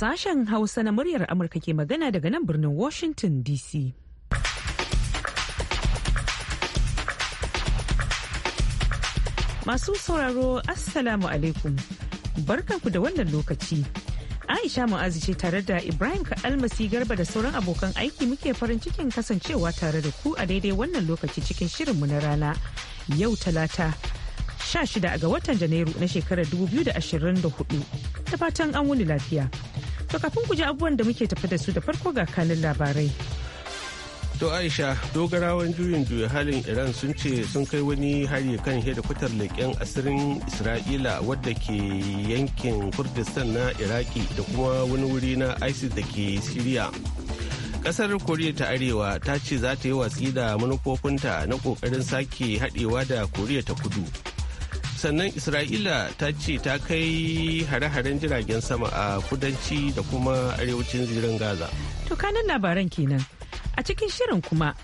Sashen Hausa na muryar Amurka ke magana daga nan birnin Washington DC. Masu sauraro Assalamu alaikum. Barkanku da wannan lokaci. Aisha Mu'azu ce tare da Ibrahim Almasi Garba da sauran abokan aiki muke farin cikin kasancewa tare da ku a daidai wannan lokaci cikin shirinmu na rana yau talata 16 ga watan Janairu na shekarar 2024 da fatan an wuni lafiya. To kafin ku ji abubuwan da muke tafi da su da farko ga kanin labarai. To Aisha dogarawan juyin juya halin Iran sun ce sun kai wani hari kan hedikwatar leƙen asirin Isra'ila wadda ke yankin Kurdistan na Iraki da kuma wani wuri na ISIS da ke Siriya. Kasar Koriya ta Arewa ta ce za ta yi watsi da manufofinta na ƙoƙarin sake haɗewa da Koriya ta Kudu. sannan isra'ila ta ce ta kai hare-haren jiragen sama a kudanci da kuma arewacin zirin gaza to kanan labaran kenan a cikin shirin kuma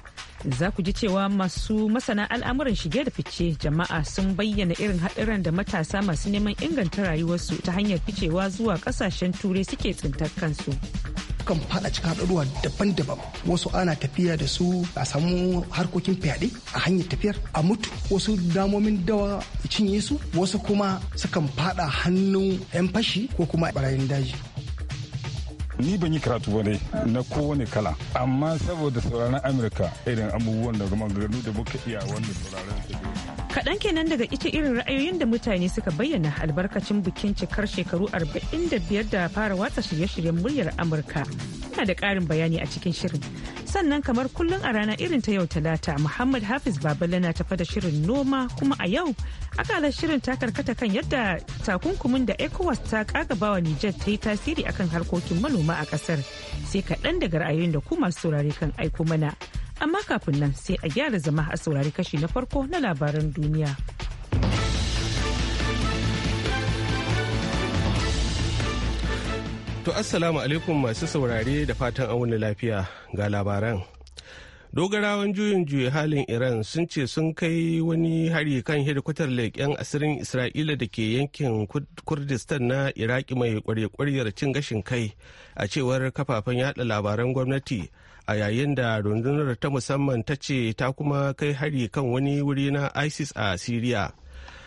za ku ji cewa masu masana al'amuran shige da fice jama'a sun bayyana irin haɗuran da matasa masu neman inganta rayuwarsu ta hanyar ficewa zuwa ƙasashen turai suke tsintar kansu sukan fada cikin haɗaruwa daban-daban wasu ana tafiya da su a samu harkokin fyaɗe a hanyar tafiyar a mutu wasu damomin dawa cinye su wasu kuma sukan fada hannun 'yan fashi ko kuma barayin daji ni ban yi karatu ba dai na kowane kala amma saboda sauraron amurka irin abubuwan da kuma da muka iya wannan sauraron Kaɗan kenan daga ita irin ra'ayoyin da mutane suka bayyana albarkacin bikin cikar shekaru 45 da fara watsa shirye-shiryen muryar Amurka. Yana da ƙarin bayani a cikin shirin. Sannan kamar kullum a rana irin ta yau talata Muhammad Hafiz Babala na tafa da shirin noma kuma a yau akalar shirin ta karkata kan yadda takunkumin da ECOWAS ta kagabawa Nijar ta yi tasiri akan harkokin manoma a ƙasar. Sai kaɗan daga ra'ayoyin da kuma saurare kan aiko mana. Amma kafin nan sai a gyara zama a saurari kashi na farko na labaran duniya. To assalamu alaikum masu saurare da fatan an wani lafiya ga labaran. Dogarawan juyin juya halin Iran sun ce sun kai wani hari kan hedikwatar leƙen asirin Isra'ila da ke yankin Kurdistan na Iraki mai kwarye-kwaryar cin gashin kai a cewar kafafen yada labaran gwamnati a yayin da rundunar ta musamman ta ce ta kuma kai hari kan wani wuri na isis a syria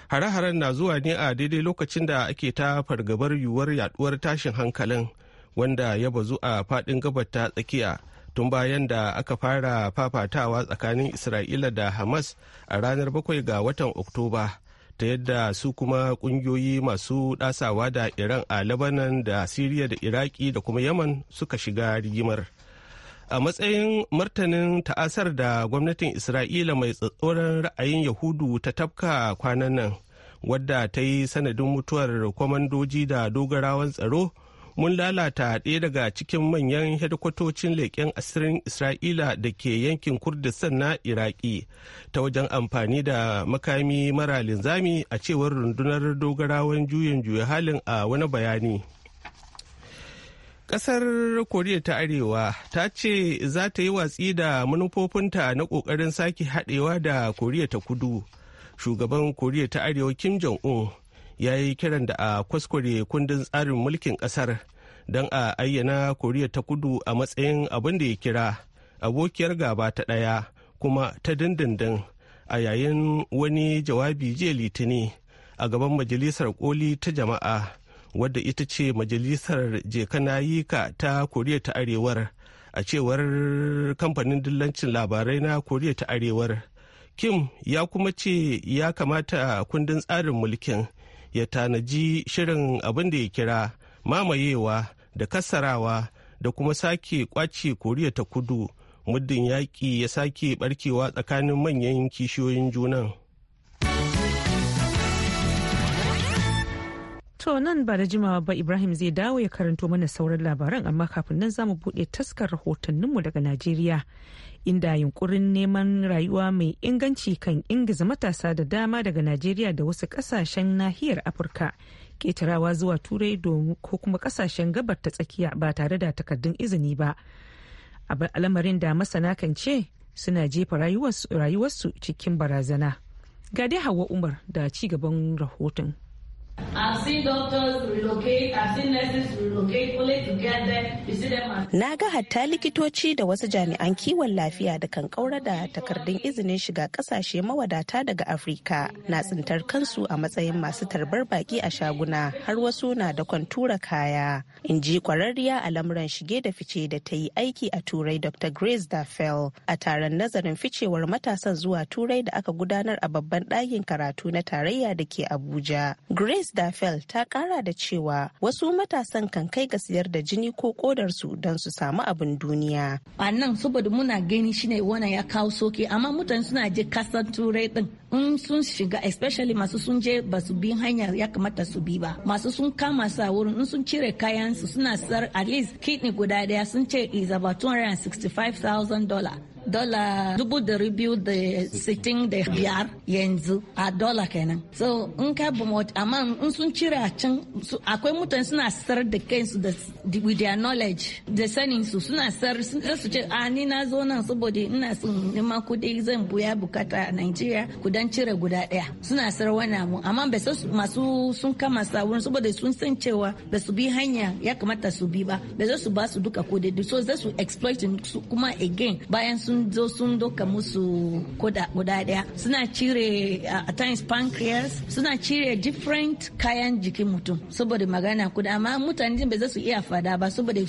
hare-haren na zuwa ne a daidai lokacin da ake ta fargabar yiwuwar yaduwar tashin hankalin wanda ya bazu a fadin gabar ta tsakiya tun bayan da aka fara fafatawa tsakanin isra'ila da hamas a ranar 7 ga watan oktoba ta yadda su kuma kungiyoyi masu dasawa da iran a lebanon da syria da iraki da kuma yaman suka shiga rigimar a matsayin martanin ta'asar da gwamnatin isra'ila mai tsatsoron ra'ayin yahudu ta tafka kwanan nan wadda ta yi sanadin mutuwar kwamandoji da dogarawan tsaro mun lalata ɗaya daga cikin manyan hedikwatocin leƙen asirin isra'ila da ke yankin kurdistan na iraki ta wajen amfani da makami mara linzami a cewar rundunar dogarawan juyin juya halin a wani bayani Ƙasar Koriya ta Arewa ta ce za ta yi watsi da manufofinta na ƙoƙarin sake haɗewa da Koriya ta Kudu. Shugaban Koriya ta Arewa Kim Jong-un ya yi kiran da a kwaskware kundin tsarin mulkin ƙasar don a ayyana Koriya ta Kudu a matsayin abin da ya kira abokiyar gaba ta ɗaya kuma ta dindindin a yayin wani jawabi jiya litini a gaban majalisar koli ta jama'a. wadda ita ce majalisar jekanayika ta koriya ta arewar a cewar kamfanin dillancin labarai na koriya ta arewar kim ya kuma ce ya kamata kundin tsarin mulkin ya tanaji shirin abin da ya kira mamayewa da kassarawa da kuma sake kwace koriya ta kudu muddin yaƙi ya sake barkewa tsakanin manyan kishiyoyin junan To nan ba da jimawa ba Ibrahim zai dawo ya karanto mana sauran labaran amma kafin nan zamu buɗe taskar rahotanninmu daga Najeriya inda yunkurin neman rayuwa mai inganci kan ingiza matasa da dama daga Najeriya da wasu ƙasashen nahiyar Afirka ƙetarawa zuwa Turai ko kuma ƙasashen gabar ta tsakiya ba tare da takardun izini ba. Al'amarin da masana kan ce suna jefa rayuwarsu cikin barazana. Ga dai Hauwa Umar da ci gaban rahoton. Na ga hatta likitoci da wasu jami'an kiwon lafiya da kan kaura da takardun izinin shiga kasashe mawadata daga Afrika na tsintar kansu a matsayin masu tarbar baki a shaguna har wasu na da kwantura kaya. In ji kwararriya a lamuran shige da fice da ta yi aiki a Turai Dr. Grace Fel, a taron nazarin ficewar matasan zuwa Turai da aka gudanar a babban ɗakin karatu na tarayya da ke Abuja. Grace Isdafel ta kara da cewa wasu matasan kan kai ga siyar da jini ko kodarsu don su samu abin duniya. A nan saboda muna gani shine wannan ya kawo soke amma mutane suna je kasan turai din in sun shiga especially masu sun je ba su bi hanya ya kamata su bi ba masu sun kama su a wurin in sun cire kayan su suna sar at least kidney guda daya sun ce is about 265,000 dollar dola dubu dari biyu da sitin da biyar yanzu a dola kenan so in ka bumot amma in sun cire a can akwai mutane suna sar da kansu da with their knowledge da sanin su suna sar su ce a ah, ni na zo nan saboda ina sun neman kudi zan buya bukata a nigeria ku don cire guda ɗaya suna sarwana mu amma ba san masu sun kama sabon saboda sun san cewa ba su bi hanya ya kamata su bi ba ba za su ba su duka ko da so za su exploit su kuma again bayan sun zo sun doka musu koda guda ɗaya suna cire a times pancreas suna cire different kayan jikin mutum saboda magana kuda amma mutane ba za su iya fada ba saboda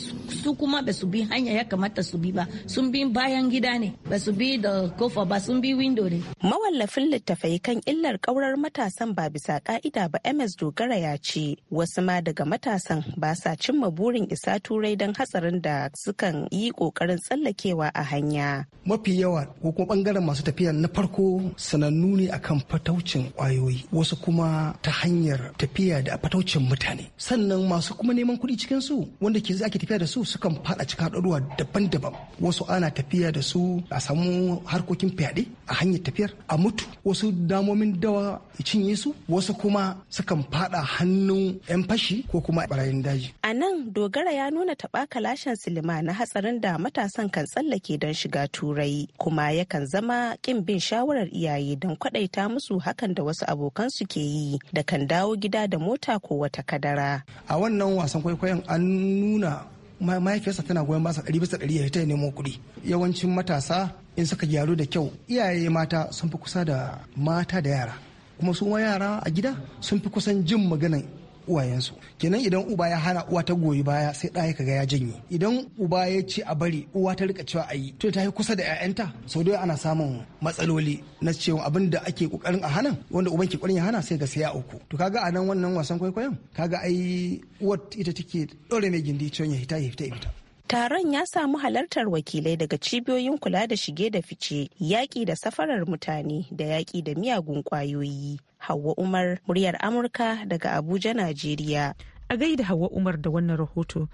su kuma ba su bi hanya ya kamata su bi ba sun bi bayan gida ne ba su bi da kofa ba sun bi window ne mawallafin littattafai kan illar kaurar matasan ba bisa ka'ida ba ms dogara ya ce wasu ma daga matasan ba sa cimma burin isa turai don hatsarin da sukan yi kokarin tsallakewa a hanya mafi yawa ko kuma bangaren masu tafiya na farko sanannu ne akan fataucin kwayoyi wasu kuma ta hanyar tafiya da fataucin mutane sannan masu kuma neman kuɗi cikin su wanda ke ake tafiya da su sukan fada cikin haɗaruwa daban-daban wasu ana tafiya da su a samu harkokin fyaɗe a hanyar tafiyar a mutu wasu damomin dawa cinye su wasu kuma sukan fada hannu 'yan fashi ko kuma barayin daji. A nan dogara ya nuna taba kalashen silima na hatsarin da matasan kan tsallake don shiga turai kuma yakan zama kin bin shawarar iyaye don kwaɗaita musu hakan da wasu abokan su ke yi da kan dawo gida da mota ko wata kadara. A wannan wasan kwaikwayon an nuna mahaifiyarsa tana goyon basa ɗari bisa ɗari ya ta nemo kuɗi yawancin matasa in suka gyaru da kyau iyaye mata sun fi kusa da mata da yara kuma su yara a gida sun fi kusan jin maganan uwayensu kenan idan uba ya hana uwa ta goyi baya sai ɗaya kaga ya janye idan uba ya ce a bari uwa ta rika cewa a yi to ta yi kusa da ƴaƴanta sau da ana samun matsaloli na cewa abin da ake kokarin a hana wanda uban ke kokarin ya hana sai ga sai ya uku to kaga a nan wannan wasan kwaikwayon kaga ai uwa ita take dore mai gindi cewa ya hita ya fita ya fita Taron ya samu halartar wakilai daga cibiyoyin kula da shige da fice, yaƙi da safarar mutane da yaƙi da miyagun ƙwayoyi. Hauwa Umar, muryar Amurka daga Abuja, Najeriya. A gaida Hauwa Umar da wannan rahoto.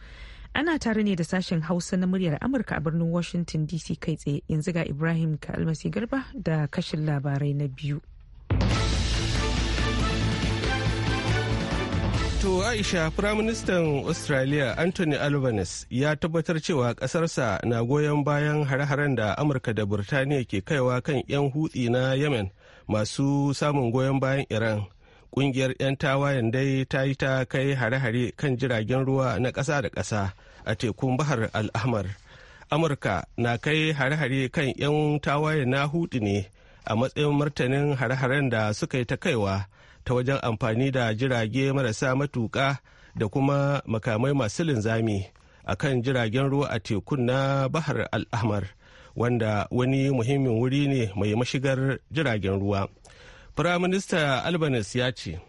Ana tare ne da sashen Hausa na muryar Amurka a birnin Washington DC kai tsaye yanzu ga Ibrahim Kalmasi Garba da kashin labarai na biyu. To Aisha, Firaministan Australia Anthony Albanese ya tabbatar cewa ƙasarsa na goyon bayan hare-haren da Amurka da Burtaniya ke kaiwa kan 'yan hutsi na Yemen masu samun goyon bayan Iran. Ƙungiyar 'yan tawayen dai ta yi ta kai hare-hare kan jiragen ruwa na ƙasa da ƙasa a tekun Bahar Al'ahmar. Amurka na kai hare-hare kan 'yan tawayen na hutu ne a matsayin martanin hare-haren da suka yi ta kaiwa. ta wajen amfani da jirage marasa matuƙa da kuma makamai masu linzami a kan jiragen ruwa a tekun na bahar al'ahmar wanda wani muhimmin wuri ne mai mashigar jiragen ruwa. Firaminista Albanese ya ce,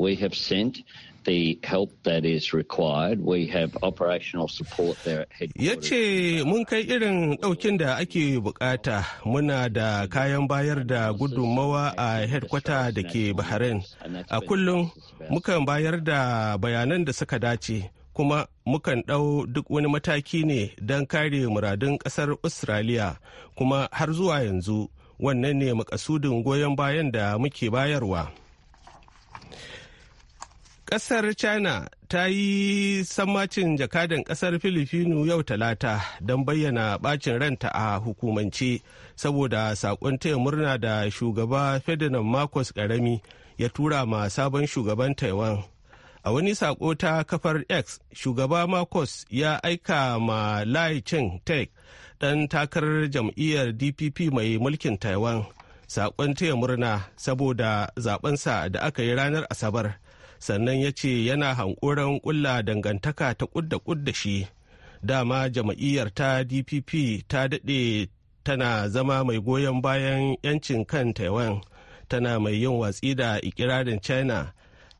We have sent the help that is required. We have operational support there at headquarters. Yace mun kai irin ɗaukin da ake bukata muna da kayan bayar da gudummawa a headkwata da ke Bahrain. A kullum mukan bayar da bayanan da suka dace kuma mukan ɗau duk wani mataki ne don kare muradun ƙasar Australia kuma har zuwa yanzu wannan ne makasudin goyon bayan da muke bayarwa. Ƙasar China ta yi sammacin jakadan ƙasar Filifinu yau talata don bayyana ɓacin ranta a hukumance saboda saƙon taya murna da shugaba Ferdinand Marcos Karami ya tura ma sabon shugaban Taiwan. A wani saƙo ta kafar X, shugaba Marcos ya aika ma Lai tek ɗan takarar jam'iyyar DPP mai mulkin Taiwan saƙon taya murna saboda zaɓensa da aka yi ranar Asabar. sannan ya ce yana hankoron kulla dangantaka ta kudda kudda shi dama jama'iyyar ta dpp ta daɗe tana zama mai goyon bayan 'yancin kan taiwan tana mai yin watsi da ikirarin china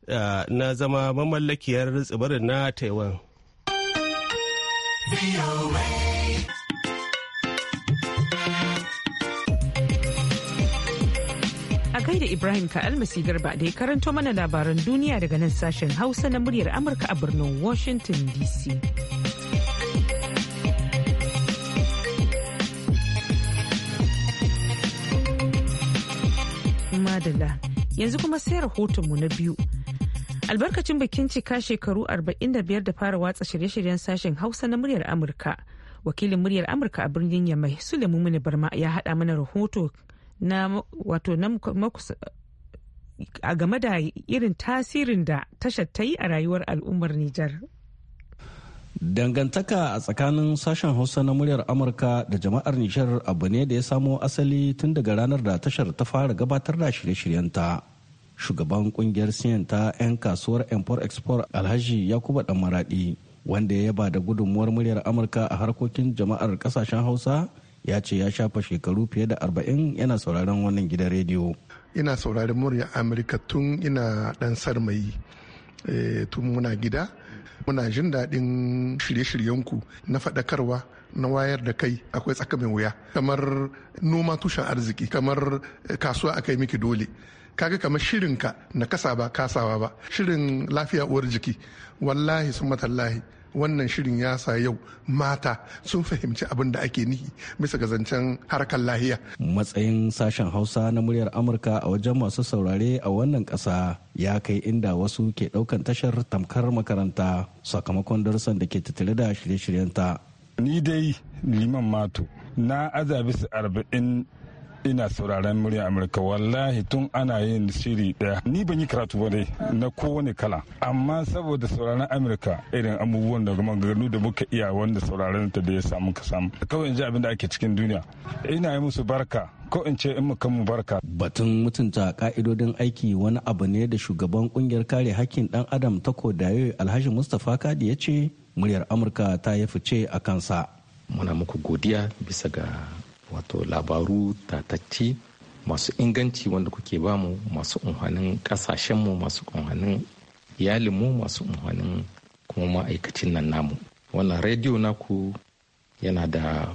eh, na zama mamallakiyar tsibirin na taiwan Kai da Ibrahim ka almasi garba da ya karanto mana labaran duniya daga nan sashen Hausa na muryar Amurka a birnin Washington DC. Madala, yanzu kuma sai rahotonmu na biyu. Albarkacin bikin cika shekaru 45 da fara watsa shirye-shiryen sashen Hausa na muryar Amurka. wakilin muryar amurka a birnin yamai sulemu mini barma ya haɗa mana rahoto na wato na a game da irin tasirin da tashar ta yi a rayuwar al'ummar Nijar. Dangantaka a tsakanin sashen Hausa na muryar Amurka da jama'ar Nijar abu ne da ya samo asali tun daga ranar da tashar ta fara gabatar da shirye-shiryenta. Shugaban kungiyar siyan ta 'yan kasuwar Empor Export Alhaji Yakuba Maradi wanda ya yaba da gudunmuwar muryar Amurka a harkokin jama'ar kasashen Hausa ya ce ya shafa shekaru fiye da arba'in yana sauraron wannan gidan rediyo ina sauraron murya amurka tun ina dan sarmai eh, tun muna gida muna jin daɗin shirye-shiryenku na faɗakarwa na wayar da kai akwai tsaka mai wuya kamar noma tushen arziki kamar eh, kasuwa yi miki dole kaga kamar shirinka na kasa ba kasawa ba shirin lafiya uwar jiki wallahi sun matallahi wannan shirin ya sa yau mata sun fahimci abin da ake nihi bisa ga zancen harkar lahiya. Matsayin sashen Hausa na muryar Amurka a wajen masu saurare a wannan ƙasa ya kai inda wasu ke ɗaukan tashar tamkar makaranta sakamakon darussan da ke tattare da shirye-shiryenta. Ni dai liman mato na azabis arba'in ina sauraron murya amurka wallahi tun ana yin shiri daya ni ban yi karatu ba dai na kowane kala amma saboda sauraron amurka irin abubuwan da ganu da muka iya wanda sauraron ta da ya samu ka samu kawai in ji abin da ake cikin duniya ina yi musu barka ko in ce in muka mu barka. Batun mutunta ka'idodin aiki wani abu ne da shugaban kungiyar kare hakkin dan adam ta kodayo Alhaji Mustapha Kadi ya ce muryar Amurka ta ya fice a kansa. Muna muku godiya bisa ga wato labaru tatacci masu inganci wanda kuke bamu masu unhanin kasashenmu masu unhanin iyalinmu masu unhanin kuma ma'aikacin nan namu wannan rediyo naku yana da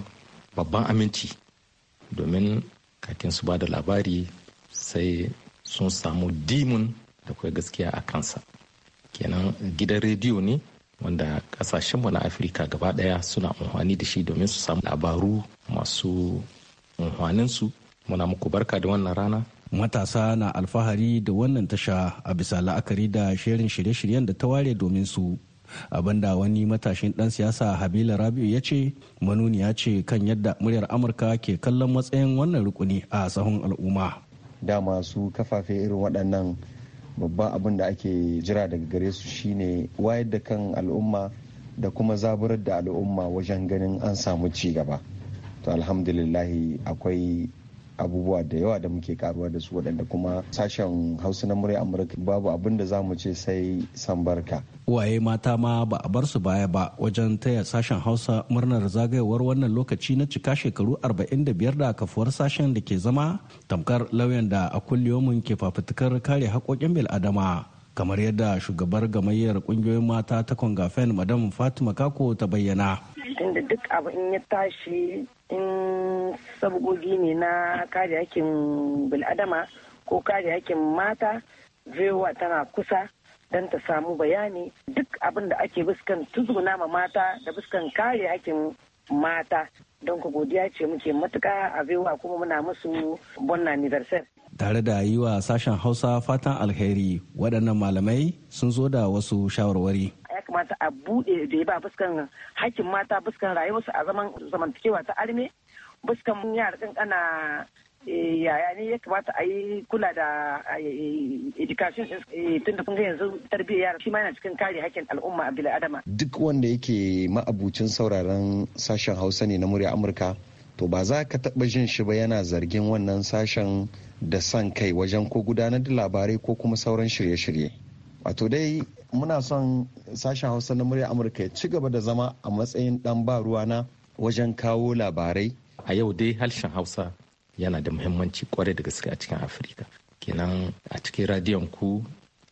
babban aminci domin kakin su ba da labari sai sun samu dimun da kuwa gaskiya a kansa kenan gidan rediyo ne wanda kasashenmu na afirka gaba daya suna amfani da shi domin su samu labaru masu amfaninsu muna muku barka da wannan rana matasa na alfahari da wannan tasha a bisa la'akari da shirin shirye-shiryen da ta ware domin su abinda wani matashin dan siyasa habila rabiu ya ce manuniya ce kan yadda muryar amurka ke kallon matsayin wannan rukuni a sahun al'umma Da masu kafafe irin waɗannan babban abin da ake jira daga gare su shine wayar da kan al'umma da kuma zaburar da al'umma wajen ganin an samu ci gaba to alhamdulillahi akwai abubuwa da yawa da muke karuwa da su waɗanda kuma sashen hausa na murya amurka babu abin da za mu ce sai san barka uwaye mata ma ba a bar su baya ba wajen taya sashen hausa murnar zagayowar wannan lokaci na cika shekaru 45 da kafuwar sashen da ke zama tamkar lauyan da a kulliyomin ke fafutukar kare haƙoƙin bil'adama kamar yadda shugabar gamayyar kungiyoyin mata ta kongafen madam fatima kako ta bayyana tunda duk abu in ya tashi in sabgogi ne na kare hakin bil'adama ko kare hakin mata vewa tana kusa don ta samu bayani duk abin da ake buskan tuzuna ma mata da buskan kare hakin mata don ku godiya ce muke matuka a vewa kuma muna musu bonna anniversaire tare da yi wa sashen hausa fatan alheri waɗannan malamai sun zo da wasu shawarwari ya kamata a buɗe da ya ba fuskan hakkin mata fuskan rayuwarsu a zaman zamantakewa ta arme fuskan yara kana eh, yaya ne ya kamata a yi kula da eh, education eh, tun da kun ga yanzu tarbiyyar yara shi ma yana cikin kare hakkin al'umma a bil'adama. Duk wanda yake ma'abucin sauraron sashen Hausa ne na murya Amurka to ba za ka taɓa jin shi ba yana zargin wannan sashen da son kai wajen ko gudanar da labarai ko kuma sauran shirye-shirye wato dai muna son sashen hausa na murya amurka ya ci gaba da zama a matsayin dan ba ruwana wajen kawo labarai a yau dai harshen hausa yana da muhimmanci kwarai da gaske a cikin afirka kenan a cikin radiyon ku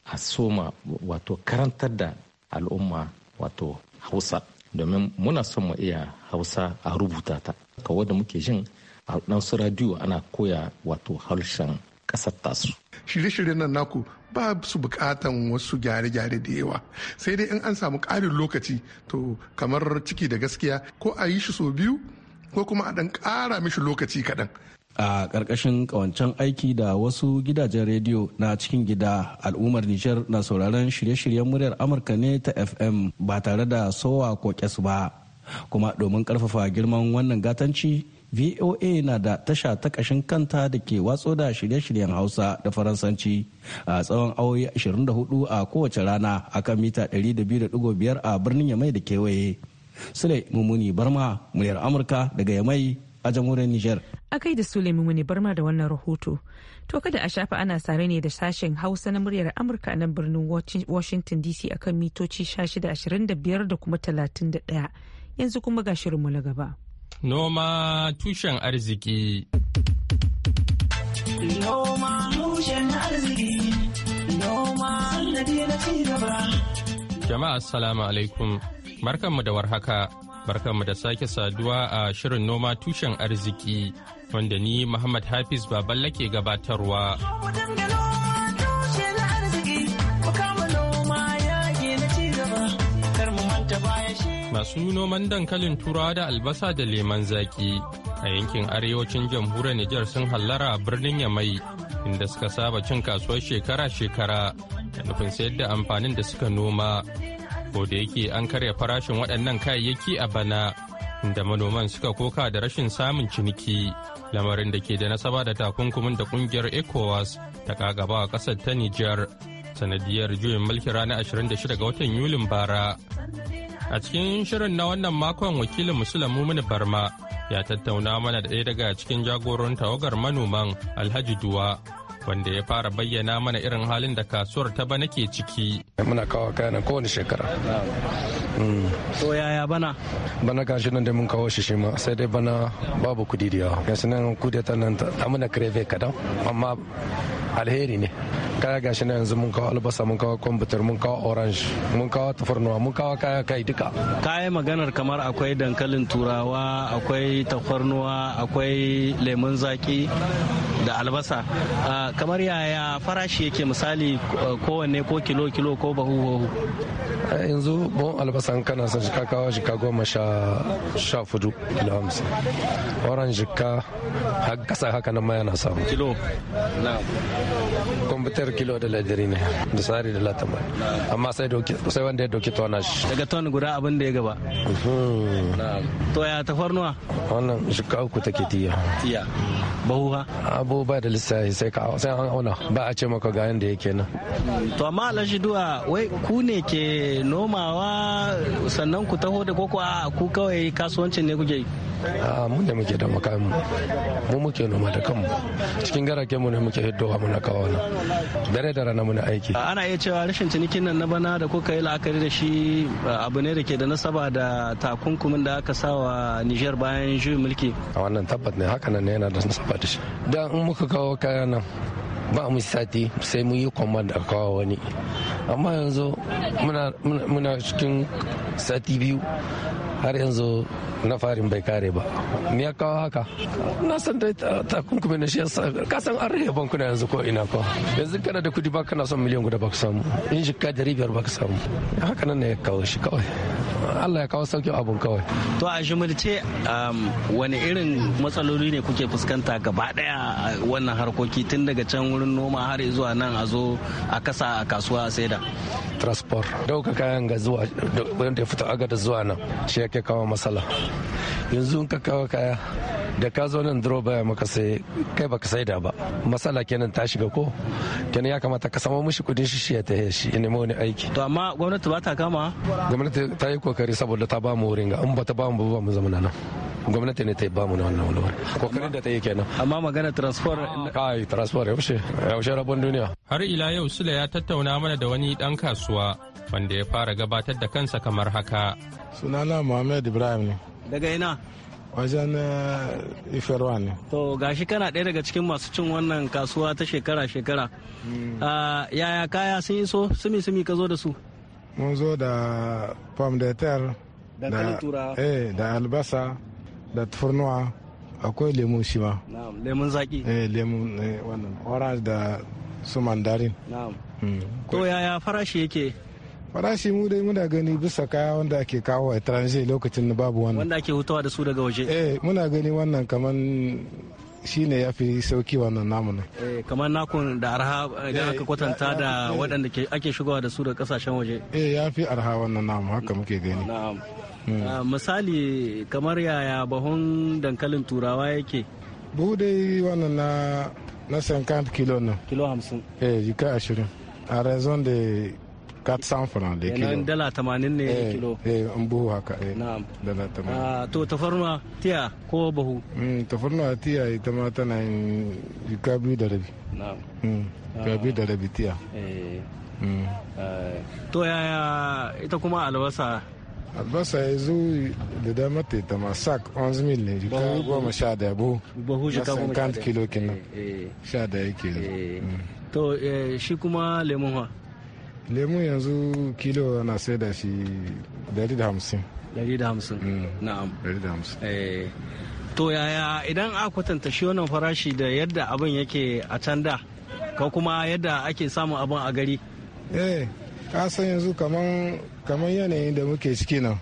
a soma wato karantar da al'umma wato hausa domin muna son mu iya hausa a rubuta ta kawo da muke jin a su radio ana koya wato harshen ƙasar tasu. Shirye-shiryen nan naku ba su bukatan wasu gyare-gyare da yawa sai dai in an samu ƙarin lokaci to kamar ciki da gaskiya ko a yi shi sau biyu ko kuma a ɗan ƙara mishi lokaci kaɗan. a ƙarƙashin ƙawancen aiki da wasu gidajen rediyo na cikin gida al'ummar nijar na sauraron shirye-shiryen muryar amurka ne ta fm ba tare da sowa ko kyas ba kuma domin ƙarfafa girman wannan gatanci voa na da tasha ta kashin kanta da ke watso da shirye-shiryen hausa da faransanci a tsawon awoyi 24 a kowace rana akan mita 200.5 a birnin yamai da kewaye sule mummuni barma muryar amurka daga yamai a jamhuriyar niger a kai da sule mummuni barma da wannan rahoto to kada a shafa ana sare ne da sashen hausa na muryar amurka a nan birnin washington dc akan mitoci 1625 da kuma 31 yanzu kuma ga shirinmu na gaba Noma tushen arziki. Noma tushen arziki. Noma sannadi na gaba. Jama'a assalamu alaikum. Barkanmu da warhaka. Barkanmu da sake saduwa a shirin noma tushen arziki wanda ni Muhammad Hafiz Baballa ke gabatarwa. masu noman dankalin turawa da albasa da leman zaki a yankin arewacin jamhuriyar Nijar sun hallara a birnin Yamai inda suka saba cin kasuwar shekara-shekara da nufin sayar da amfanin da suka noma. da yake an karya farashin waɗannan kayayyaki a bana inda manoman suka koka da rashin samun ciniki lamarin da ke da nasaba da takunkumin da kungiyar ecowas ta kagaba a ƙasar ta Nijar sanadiyar juyin mulki ranar 26 ga watan Yulin bara. A cikin shirin na wannan makon wakilin Musulun mini Barma ya tattauna mana da ɗaya daga cikin jagoron tawagar manoman Alhaji Duwa wanda ya fara bayyana mana irin halin da kasuwar ta bana ke ciki. Muna kawo kayan kowane shekara. So mm. yaya bana? Bana gashi nan da mun kawo shi shi ma sai dai bana babu kudi da yawa. Yanzu nan kudi ta nan ta muna kirebe kadan amma alheri ne. kaya gashi na yanzu mun kawo albasa mun kawo kwambutar mun kawo orange mun kawo tafarnuwa mun kawo kaya kai duka kayan maganar kamar akwai dankalin turawa akwai tafarnuwa akwai lemun zaki da albasa ah, kamar yaya farashi yake misali kowanne ko kilo kilo ko bahu bahu yanzu bon albasa kana san shika kawo shika goma sha fudu kilo hamsin oran shika har kasa haka nan ma yana samu kilo na kwamfutar kilo da ladiri ne da tsari da latamar amma sai wanda ya doki tona shi daga ton guda abin da ya gaba mhm. to ya tafarnuwa wannan shika uku take tiya tiya bahuwa abubuwa da lissafi sai ka sai an auna ba a ce maka ga yanda yake nan to amma alashi duwa wai ku ne ke nomawa sannan ku taho da koko a ku kawai kasuwancin ne kuke yi mun da muke da makamu mu muke noma da kanmu cikin garake mu ne muke hiddowa muna kawo nan dare da rana muna aiki ana iya cewa rashin cinikin nan na bana da kuka yi la'akari da shi abu ne da ke da nasaba da takunkumin da aka sa wa Niger bayan juyin mulki a wannan tabbat ne haka nan yana da nasaba da shi dan in muka kawo kaya nan ba mu sati sai mu yi command a kawo wani amma yanzu muna cikin sati biyu har yanzu na farin bai kare ba ni ya kawo haka na san dai takunkumi na shi yasa kasan an rage bankuna yanzu ko ina ko yanzu kana da kudi ba kana son miliyan guda ba ka samu in ka dari biyar ba ka samu haka nan ne ya kawo shi kawai Allah ya kawo sauƙin abun kawai. To a jimilce um, wani irin matsaloli ne kuke fuskanta gaba daya wannan harkoki tun daga can wurin noma har zuwa nan a zo a kasa a kasuwa a saida. Transport dauka kayan ga zuwa wanda ya fita aga da zuwa nan shi ya ke kawo matsala yanzu in ka kawo kaya da ka zo nan duro baya maka sai kai baka sai da ba matsala kenan ta shiga ko kenan ya kamata ka samo mishi kudin shi ya ta shi ya nemo wani aiki to amma gwamnati ba ta kama gwamnati ta yi kokari saboda ta ba mu wurin ga in ba ta ba mu ba mu zama nan gwamnati ne ta ba mu na wannan walwala kokarin da ta yi kenan amma magana transfer ah, kai transfer yaushe yaushe rabon duniya har ila yau sule ya tattauna mana da wani dan kasuwa wanda ya fara gabatar da kansa kamar haka sunana muhammad ibrahim ne daga ina wajen eh, iferwa ne to gashi kana ɗaya daga cikin masu cin wannan kasuwa ta shekara-shekara hmm. ah, yaya kaya sun yi so sumi-sumi ka zo da su mun zo da pomdeter de da, da eh, albasa da tafarnuwa akwai lemun shi ma lemun zaki eh lemun eh, wannan orange da su mandarin hmm, to yaya farashi yake farashi mu dai muna gani bisa kaya wanda ake kawo a transit lokacin babu wannan wanda ake hutawa da su daga waje eh muna gani wannan kaman shine ya fi sauki wannan namu ne eh, kamar nakun da arha idan aka eh, kwatanta da waɗanda ake shigowa da su da kasashen waje eh ya fi arha wannan namu haka muke gani hmm. ah, misali kamar yaya bahon dankalin turawa yake buhu dai wannan na na 50 kilo nan kilo 50 eh jika 20 a raison de ka ta samu da kilo kenan dala 80 ne eh, kilo eh an buhu haka eh na'am dala 80 ah to tafarnuwa tiya ko bahu hmm, tafarnuwa tiya ita ma tana yin kabi da rabi na'am mm kabi ah. da rabi tiya eh mm to yaya ita kuma albasa albasa ya zo da dama ta ita ma sak 11,000 ne jika goma sha da yabo bahu jika goma sha da kilo kenan eh, sha da yake hmm. to shi kuma lemon ha lemu yanzu kilo na sai da shi 150 mm. na'am eh. to yaya idan a kwatanta shi wannan farashi da yadda abin yake a can da ko kuma yadda ake samun abin a gari eh ka san yanzu kaman yanayin da muke ciki nan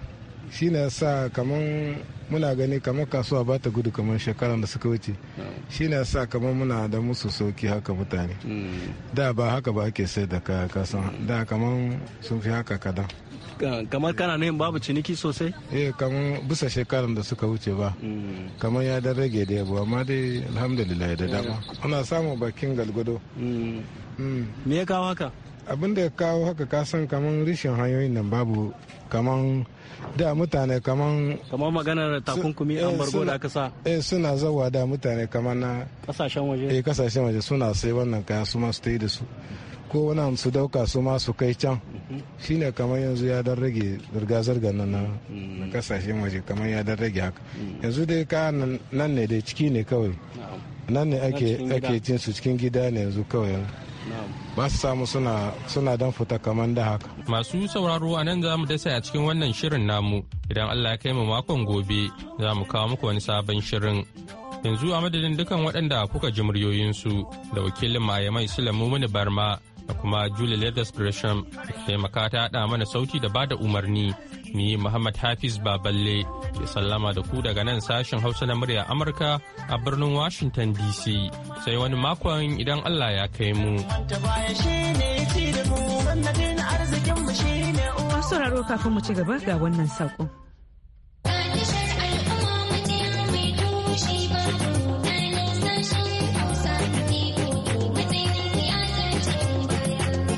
shi ne sa kaman muna gani kamar kasuwa ba ta gudu kamar shekaran da suka wuce shi na sa kamar muna da musu sauki haka mutane mm. da ba haka ba ake sai da kaya kasan mm. da kamar sun fi haka kadan kamar kana nan babu ciniki sosai eh kamar bisa shekaran da suka wuce ba mm. kamar ya dan rage da yabo amma dai alhamdulillah da dama ana samun bakin galgado me ya kawo haka abin da ya kawo haka kasan kaman rishin hanyoyin nan babu kaman da mutane kaman kaman maganar takunkumi an eh, bargo da aka sa eh suna zawa da mutane kaman na kasashen waje eh kasashen waje suna sai wannan kaya su masu tayi da su ko wani su dauka su ma su kai can mhm. shine kamar yanzu ya dan rage zirga-zirga na mhm. na kasashen waje kamar ya dan rage haka mhm. yanzu dai ka nan ne dai ciki ne kawai nan ne ake cin su cikin gida ne yanzu kawai ba su samu suna dan fita kamar da haka masu sauraro a nan za mu dasa a cikin wannan shirin namu idan allah ya kai mu makon gobe za mu kawo muku wani sabon shirin yanzu a madadin dukan waɗanda kuka ji muryoyinsu da wakilin mayamai sulamu mini barma da kuma julie leathers gresham da taimaka ta haɗa mana sauti da bada umarni ni Muhammad Hafiz Baballe ya sallama da ku daga nan sashen Hausa na murya Amurka a birnin Washington DC sai wani makon idan Allah ya kai mu. Sauraro kafin mu ci gaba ga wannan saƙon.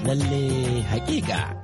Lalle hakika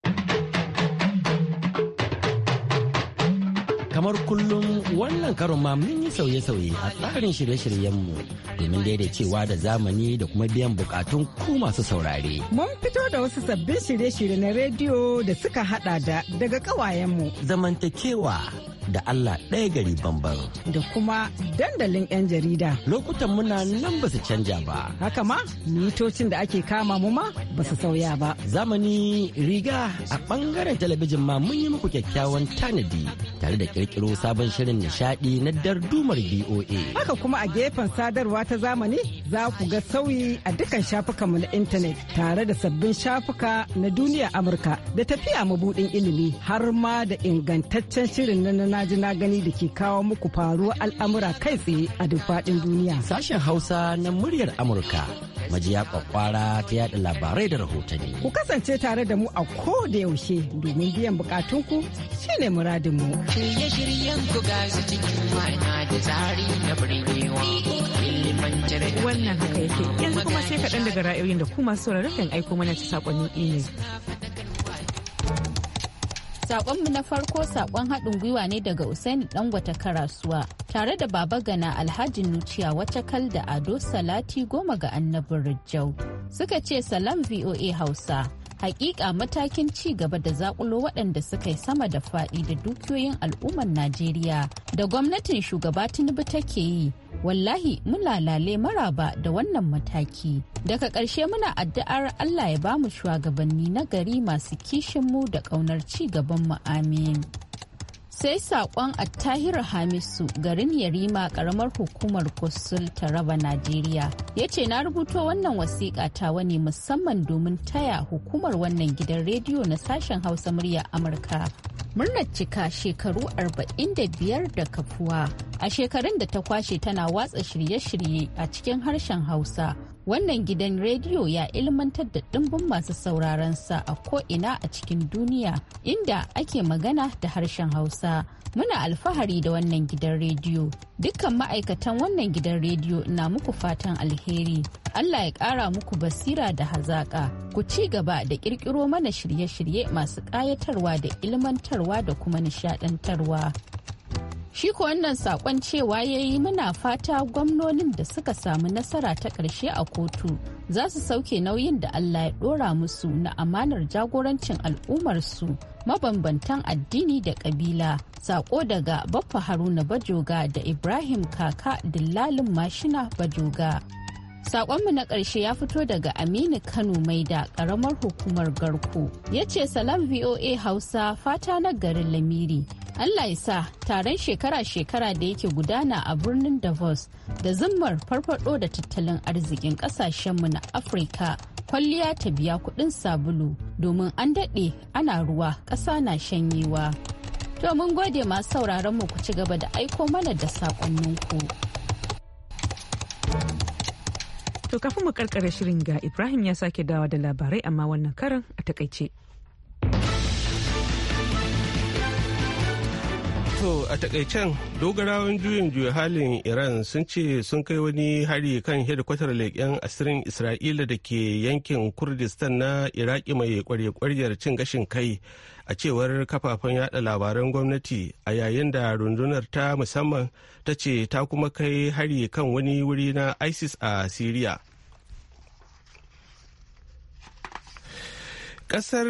kamar kullum wannan karon ma mun yi sauye-sauye a tsarin shirye-shiryenmu domin daidaicewa da zamani da kuma biyan bukatun ku masu saurare. Mun fito da wasu sabbin shirye-shirye na rediyo da suka hada da daga kawayenmu. Zamantakewa da Allah ɗaya gari bambam. Da kuma dandalin 'yan jarida. Lokutan muna nan ba su canja ba. Haka ma, mitocin da ake kama mu ma ba su sauya ba. Zamani riga a ɓangaren talabijin ma mun yi muku kyakkyawan tanadi tare da ƙirƙiro sabon shirin nishaɗi na dardumar BOA. Haka kuma a gefen sadarwa ta zamani za ku ga sauyi a dukkan shafukanmu na intanet tare da sabbin shafuka na duniya Amurka da tafiya mabuɗin ilimi har ma da ingantaccen shirin na na ji na gani da ke kawo muku faruwar al'amura kai tsaye a duk faɗin duniya. Sashen Hausa na muryar Amurka majiya kwakwara ta yada labarai da rahotanni. Ku kasance tare da mu a ko da yaushe domin biyan bukatunku shine muradinmu. ku ga su cikin ma'ana da tsari na birgewa. Wannan haka yake yanzu kuma sai kaɗan daga ra'ayoyin da kuma sauraron kan aiko mana ta saƙonnin email. Sakonmu na farko sakon haɗin gwiwa ne daga Usaini Dangwata Karasuwa tare da Baba Gana Alhaji Nuciya wata kal da Ado Salati goma ga annabin Rijau. Suka ce salam VOA Hausa. hakika matakin ci gaba da zakulo waɗanda suka yi sama da faɗi da dukiyoyin al'ummar najeriya da gwamnatin shugaba tinubu take yi wallahi muna lale maraba da wannan mataki daga ƙarshe muna addu'ar allah ya bamu shugabanni na gari masu kishinmu da ƙaunar ci gaban mu amin sai sakon attahiru hamisu garin yarima karamar hukumar kosul raba najeriya ya ce na rubuto wannan wasiƙa ta wani musamman domin taya hukumar wannan gidan rediyo na sashen hausa murya amurka murnar cika shekaru 45 da kafuwa a shekarun da ta kwashe tana watsa shirye-shirye a cikin harshen hausa Wannan gidan rediyo ya ilmantar da ɗimbin masu sauraron sa a ko'ina a cikin duniya inda ake magana da harshen Hausa. Muna alfahari da wannan gidan rediyo. Dukkan ma'aikatan wannan gidan rediyo na muku fatan alheri. Allah ya ƙara muku basira da hazaƙa. Ku ci gaba da ƙirƙiro mana shirye-shirye masu ƙayatarwa da ilmantarwa da kuma nishaɗantarwa. Shi ko wannan sakon cewa ya yi muna fata gwamnonin da suka samu nasara ta ƙarshe a kotu za su sauke nauyin da Allah ya ɗora musu na amanar jagorancin al'ummarsu mabambantan addini da ƙabila. saƙo daga Baffa Haruna Bajoga da Ibrahim Kaka Dillalin Mashina Bajoga. saƙonmu na ƙarshe ya fito daga Aminu Kano mai da ƙaramar hukumar Garko. Ya ce salam VOA Hausa fata na garin Lamiri. Allah ya sa taron shekara-shekara da yake gudana a birnin Davos da zimmar farfado da tattalin arzikin kasashenmu na Afirka kwalliya ta biya kudin sabulu domin an daɗe ana ruwa ƙasa na shanyewa. To mun gode masu sauraron mu ku ci gaba da aiko mana da saƙonninku. To kafin mu karkare shirin ga Ibrahim ya sake dawa da labarai amma wannan karan a takaice. To a takaicen dogarawan juyin juya halin Iran sun ce sun kai wani hari kan hedikwatar leƙen asirin Isra'ila da ke yankin Kurdistan na Iraki mai kwarye-kwaryar cin gashin kai a cewar kafafen yada labaran gwamnati a yayin da rundunar ta musamman ta ce ta kuma kai hari kan wani wuri na ISIS a Siriya. Ƙasar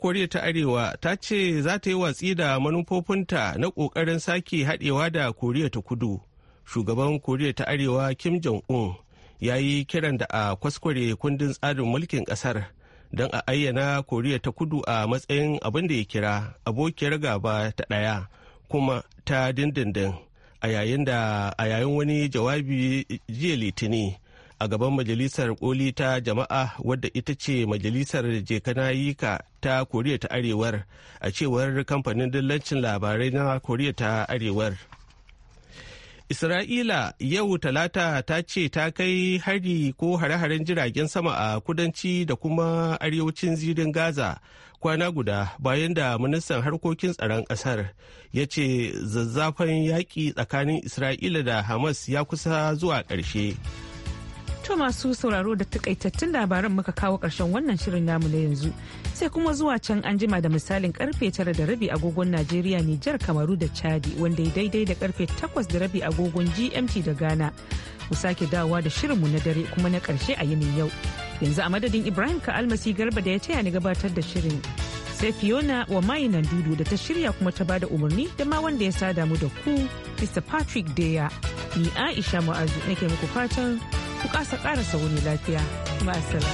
Koriya ta Arewa ta ce za ta yi watsi da manufofinta na ƙoƙarin sake haɗewa da Koriya ta Kudu. Shugaban Koriya ta Arewa Kim Jong-un ya yi kiran da a kwaskware kundin tsarin mulkin ƙasar don a ayyana Koriya ta Kudu a matsayin abin da ya kira abokiyar gaba ta ɗaya kuma ta dindindin a yayin wani jawabi jiya litini a gaban majalisar koli ta jama'a wadda ita ce majalisar jekanayika ta koriya ta arewar a cewar kamfanin dillancin labarai na koriya ta arewar Isra'ila yau talata ta ce ta kai hari ko hare-haren jiragen sama a kudanci da kuma arewacin zirin Gaza kwana guda bayan da ministan harkokin tsaron ƙasar ya ce zazzafan yaƙi tsakanin Isra'ila da Hamas ya kusa zuwa ƙarshe. To masu sauraro da takaitattun labaran muka kawo ƙarshen wannan shirin namu na yanzu. Sai kuma zuwa can an jima da misalin karfe tara da rabi agogon Najeriya Nijar Kamaru da Chadi wanda ya daidai da karfe takwas da rabi agogon GMT da Ghana. Mu sake dawowa da shirinmu na dare kuma na ƙarshe a yinin yau. Yanzu a madadin Ibrahim ka almasi Garba da ya taya ni gabatar da shirin. Sai Fiona wa nan dudu da ta shirya kuma ta bada umarni da ma wanda ya sada mu da ku Mr. Patrick daya Ni Aisha Mu'azu nake muku fatan ku kasa karasa wani lafiya ma'asala.